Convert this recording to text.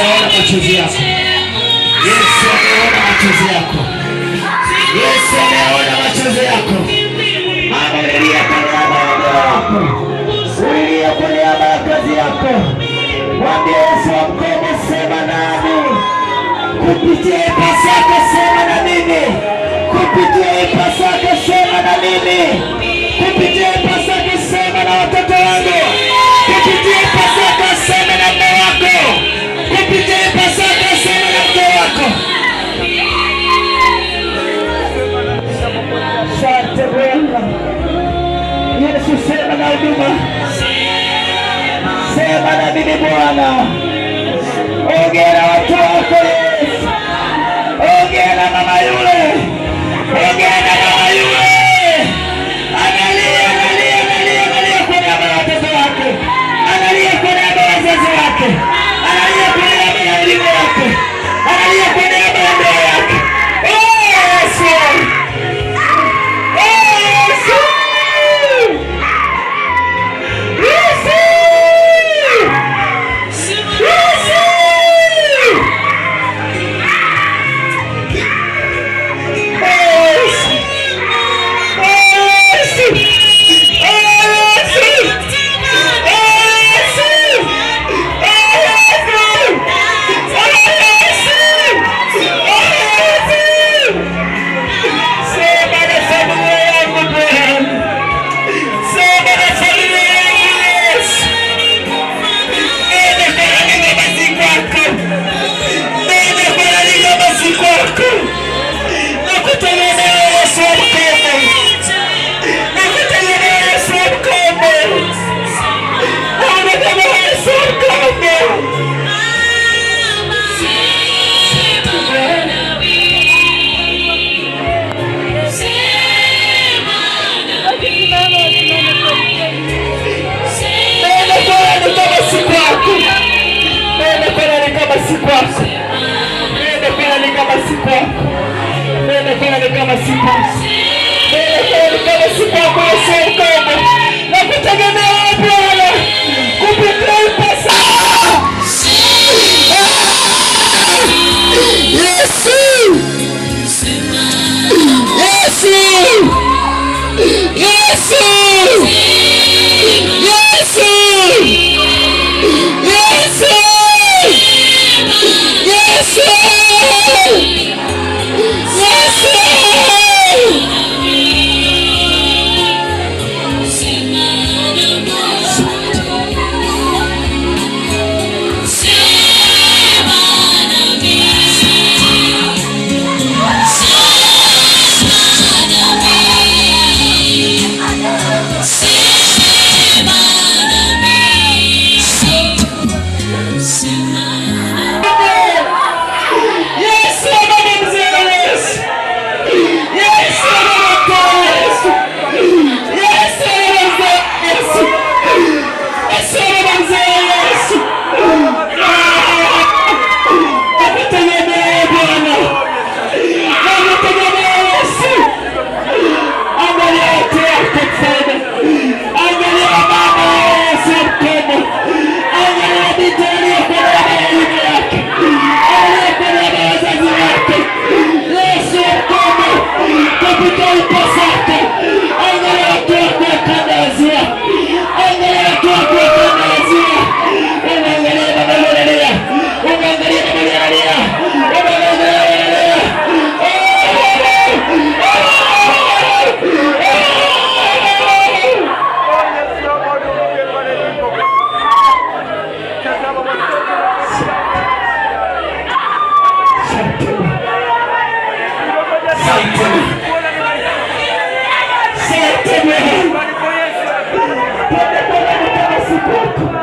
ameona machozi yako. Yesu ameona machozi yako. Yesu ameona machozi yako. Mama, kwa niaba ya ndoa yako, nilia kwa niaba ya kazi yako. Mwambie Yesu akupende, sema nami kupitia ipasako, sema na mimi kupitia ipasako, sema na mimi kupitia ipasako, sema na watoto wangu Bwana. Sema na mimi Bwana. basi. Neno bila ni kama sipo, neno bila ni kama sipo. Yeah.